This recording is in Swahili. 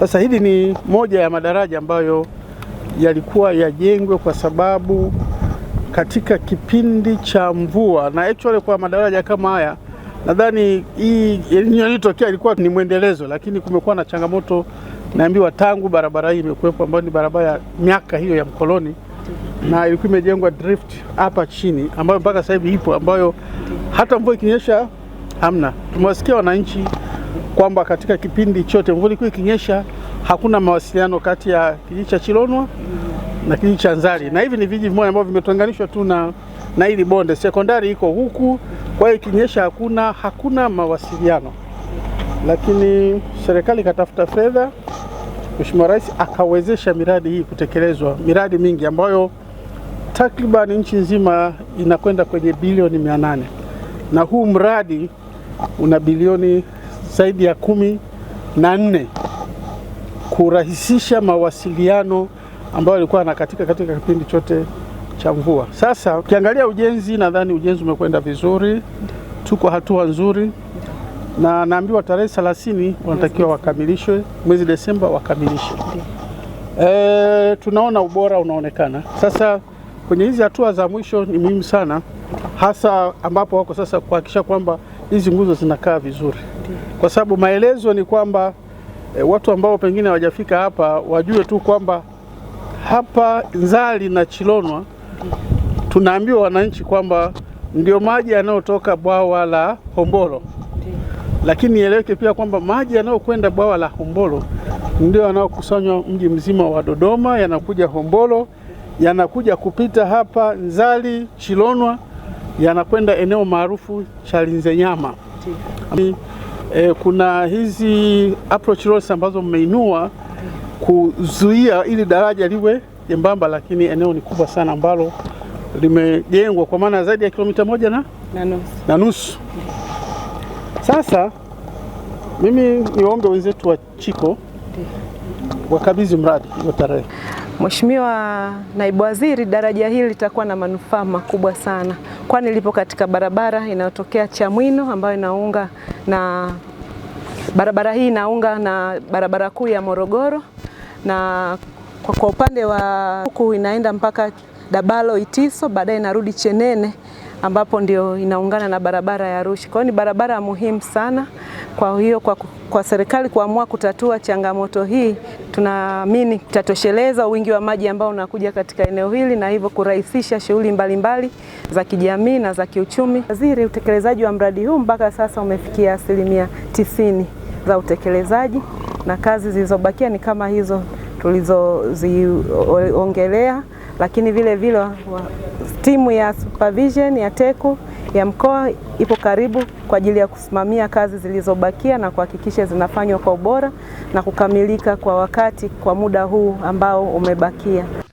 Sasa hili ni moja ya madaraja ambayo yalikuwa yajengwe kwa sababu katika kipindi cha mvua, na actually kwa madaraja kama haya nadhani hii iliyotokea ilikuwa ni mwendelezo, lakini kumekuwa na changamoto naambiwa, tangu barabara hii imekuwepo, ambayo ni barabara ya miaka hiyo ya mkoloni, na ilikuwa imejengwa drift hapa chini, ambayo mpaka sasa hivi ipo, ambayo hata mvua ikinyesha hamna. Tumewasikia wananchi kwamba katika kipindi chote mvua ilikuwa ikinyesha, hakuna mawasiliano kati ya kijiji cha Chilonwa na kijiji cha Nzali, na hivi ni vijiji vimoja ambavyo vimetenganishwa tu na na hili bonde. Sekondari iko huku, kwa hiyo ikinyesha hakuna hakuna mawasiliano, lakini serikali ikatafuta fedha, Mheshimiwa Rais akawezesha miradi hii kutekelezwa, miradi mingi ambayo takriban nchi nzima inakwenda kwenye bilioni mia nane na huu mradi una bilioni zaidi ya kumi na nne kurahisisha mawasiliano ambayo yalikuwa yanakatika katika kipindi chote cha mvua. Sasa ukiangalia ujenzi, nadhani ujenzi umekwenda vizuri, tuko hatua nzuri, na naambiwa tarehe 30 wanatakiwa wakamilishwe, mwezi Desemba wakamilishwe E, tunaona ubora unaonekana sasa. Kwenye hizi hatua za mwisho ni muhimu sana, hasa ambapo wako sasa kuhakikisha kwamba hizi nguzo zinakaa vizuri kwa sababu maelezo ni kwamba e, watu ambao pengine hawajafika hapa wajue tu kwamba hapa Nzali na Chilonwa tunaambiwa wananchi kwamba ndio maji yanayotoka bwawa la Hombolo, lakini ieleweke pia kwamba maji yanayokwenda bwawa la Hombolo ndio yanayokusanywa mji mzima wa Dodoma, yanakuja Hombolo, yanakuja kupita hapa Nzali Chilonwa, yanakwenda eneo maarufu Chalinze Nyama e, kuna hizi approach roads ambazo mmeinua kuzuia ili daraja liwe jembamba, lakini eneo ni kubwa sana ambalo limejengwa kwa maana zaidi ya kilomita moja na na nusu. Sasa mimi niwaombe wenzetu wa Chiko wakabidhi mradi hiyo tarehe. Mheshimiwa Naibu Waziri, daraja hili litakuwa na manufaa makubwa sana, kwani lipo katika barabara inayotokea Chamwino ambayo inaunga na barabara hii inaunga na barabara kuu ya Morogoro, na kwa, kwa upande wa huku inaenda mpaka Dabalo Itiso, baadaye inarudi Chenene ambapo ndio inaungana na barabara ya Arusha. Kwa hiyo ni barabara muhimu sana. Kwa hiyo kwa, kwa serikali kuamua kutatua changamoto hii tunaamini tutatosheleza wingi wa maji ambao unakuja katika eneo hili na hivyo kurahisisha shughuli mbalimbali za kijamii na za kiuchumi. Waziri, utekelezaji wa mradi huu mpaka sasa umefikia asilimia tisini za utekelezaji na kazi zilizobakia ni kama hizo tulizoziongelea, lakini vile vile wa, timu ya supervision ya teku ya mkoa ipo karibu kwa ajili ya kusimamia kazi zilizobakia na kuhakikisha zinafanywa kwa ubora na kukamilika kwa wakati kwa muda huu ambao umebakia.